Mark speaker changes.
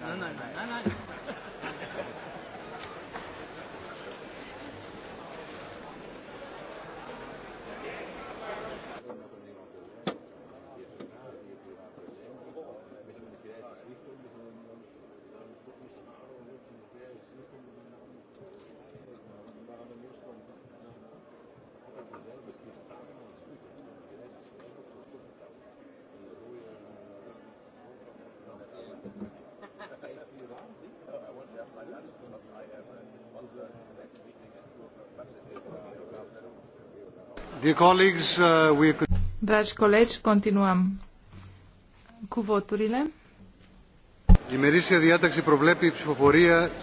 Speaker 1: nein, nein, nein, nein, nein.
Speaker 2: Thank you.
Speaker 3: Uh,
Speaker 4: Dragi colegi, continuăm cu voturile.
Speaker 5: Dimerisia diataxi probleme psihoforia